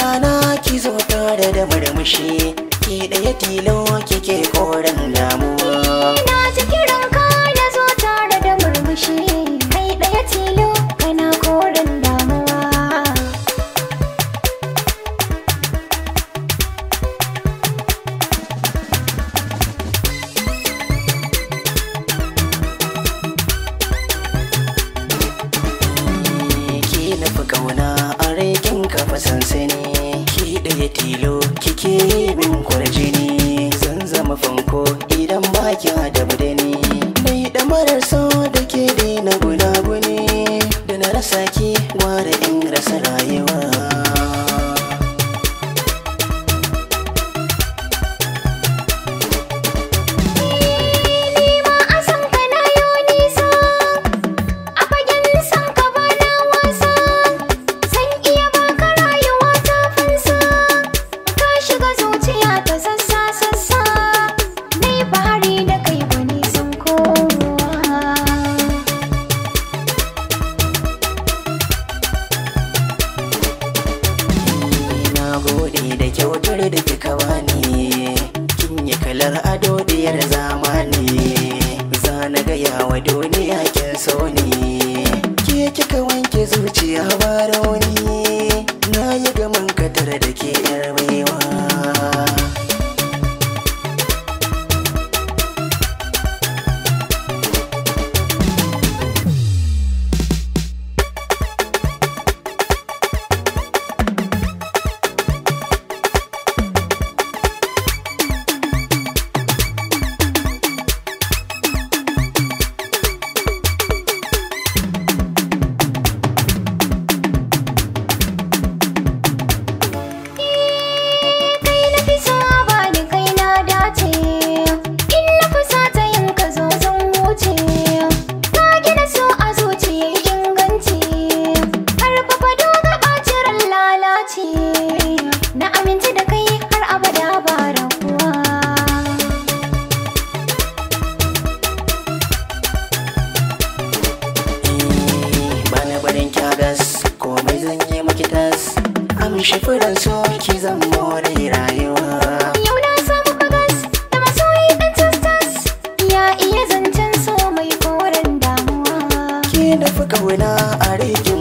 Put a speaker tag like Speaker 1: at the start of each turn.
Speaker 1: rana ki zo tare da murmushi ki ɗaya tilo kike koren damuwa
Speaker 2: na ji kiran ka na zo tare da murmushi kai ɗaya tilo kana koren damuwa
Speaker 1: ki nufi kauna a rike kafa sansani ki ɗaya tilo kike yi min kwarjini zan zama fanko idan ba ki da budani mai ɗamarar so da ke guna guni da na rasa ki gwara in rasa rayuwa ado da kika bani kin yi kalar ado diyar zamani zana gaya wa duniya kin so ne ke kika wanke zuciya ba rauni amshi fudan so ki zan more rayuwa
Speaker 2: yau na samu bagas da masoyi dan tastas ya iya zancen so mai
Speaker 1: koren damuwa ke da fuka wula a rike